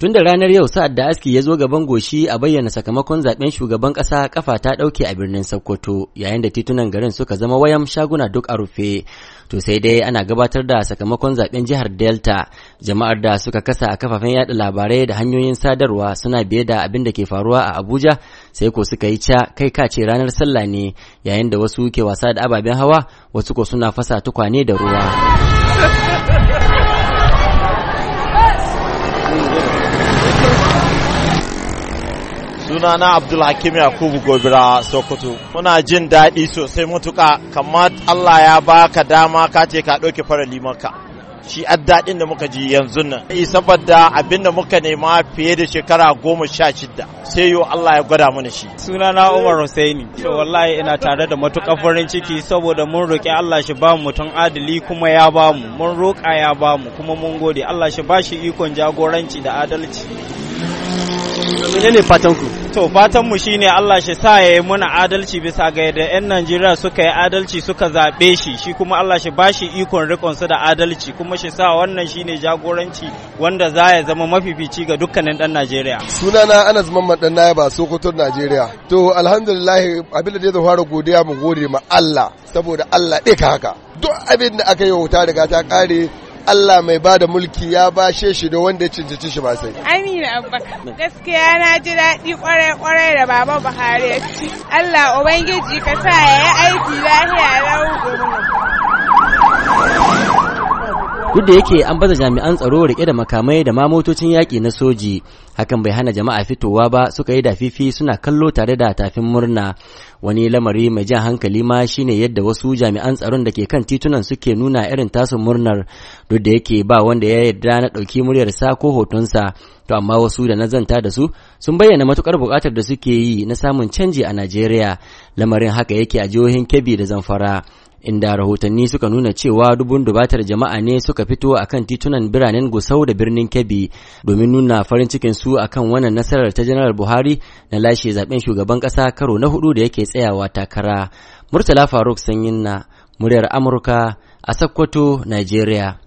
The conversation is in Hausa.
Tun da ranar yau sa'ad da aski ya zo gaban goshi a bayyana sakamakon zaben shugaban ƙasa kafa ta ɗauke a birnin Sokoto yayin da titunan garin suka zama wayan shaguna duk a rufe. To sai dai ana gabatar da sakamakon zaben jihar Delta jama'ar da suka kasa a kafafen yada labarai da hanyoyin sadarwa suna biye da abin da ke faruwa a Abuja sai ko suka yi ca kai ka ce ranar sallah ne yayin da wasu ke wasa da ababen hawa wasu ko suna fasa tukwane da ruwa. Suna sunana abdulhakim yakubu gobira sokoto muna jin daɗi sosai mutuka kamar allah ya baka dama ka ce ka ɗauke fara limanka shi daɗin da muka ji yanzu nan eh, saboda abin da muka nema fiye da shekara goma sha shida sai yo Allah ya gwada mana shi Suna na Umar Hussaini to wallahi ina tare da matuƙar farin ciki saboda mun roƙi Allah shi ba mu mutum adali kuma ya ba mu mun roƙa ya ba mu kuma mun gode Allah shi ba shi ikon jagoranci da adalci menene fatan to fatan mu shine Allah shi sa ya yi muna adalci bisa ga yadda yan Najeriya suka yi adalci suka zabe shi shi kuma Allah shi bashi ikon rikon su da adalci kuma shi sa wannan shine jagoranci wanda za ya zama mafifici ga dukkanin dan Najeriya sunana Anas Mamman dan Naya ba Sokoto Najeriya to alhamdulillah abin da zai fara godiya mu gode ma Allah saboda Allah ɗaya haka duk abin da aka yi wuta daga ta kare Allah mai ba da mulki ya bashe shi da wanda ya cancanci shi ba sai. Amina Abubakar. Gaskiya na ji daɗi kwarai-kwarai da Baba Buhari ya ci. Allah Ubangiji ka sa ya yi aiki lafiya lau duk da yake an baza jami'an tsaro rike da makamai da ma motocin yaƙi na soji hakan bai hana jama'a fitowa ba suka yi dafifi suna kallo tare da tafin murna wani lamari mai jan hankali ma shine yadda wasu jami'an tsaron da ke kan titunan suke nuna irin tasu murnar duk da yake ba wanda ya yarda na ɗauki muryarsa ko hotonsa to amma wasu da na zanta da su sun bayyana matukar buƙatar da suke yi na samun canji a Najeriya lamarin haka yake a jihohin Kebbi da Zamfara inda rahotanni suka nuna cewa dubun dubatar jama'a ne suka fito akan titunan biranen Gusau da birnin Kebbi domin nuna farin cikin su akan wannan nasarar ta Janar Buhari na lashe zaben shugaban kasa karo na hudu da yake tsayawa takara. Murtala Faruk Sanyin na muryar Amurka a Sokoto, Nigeria.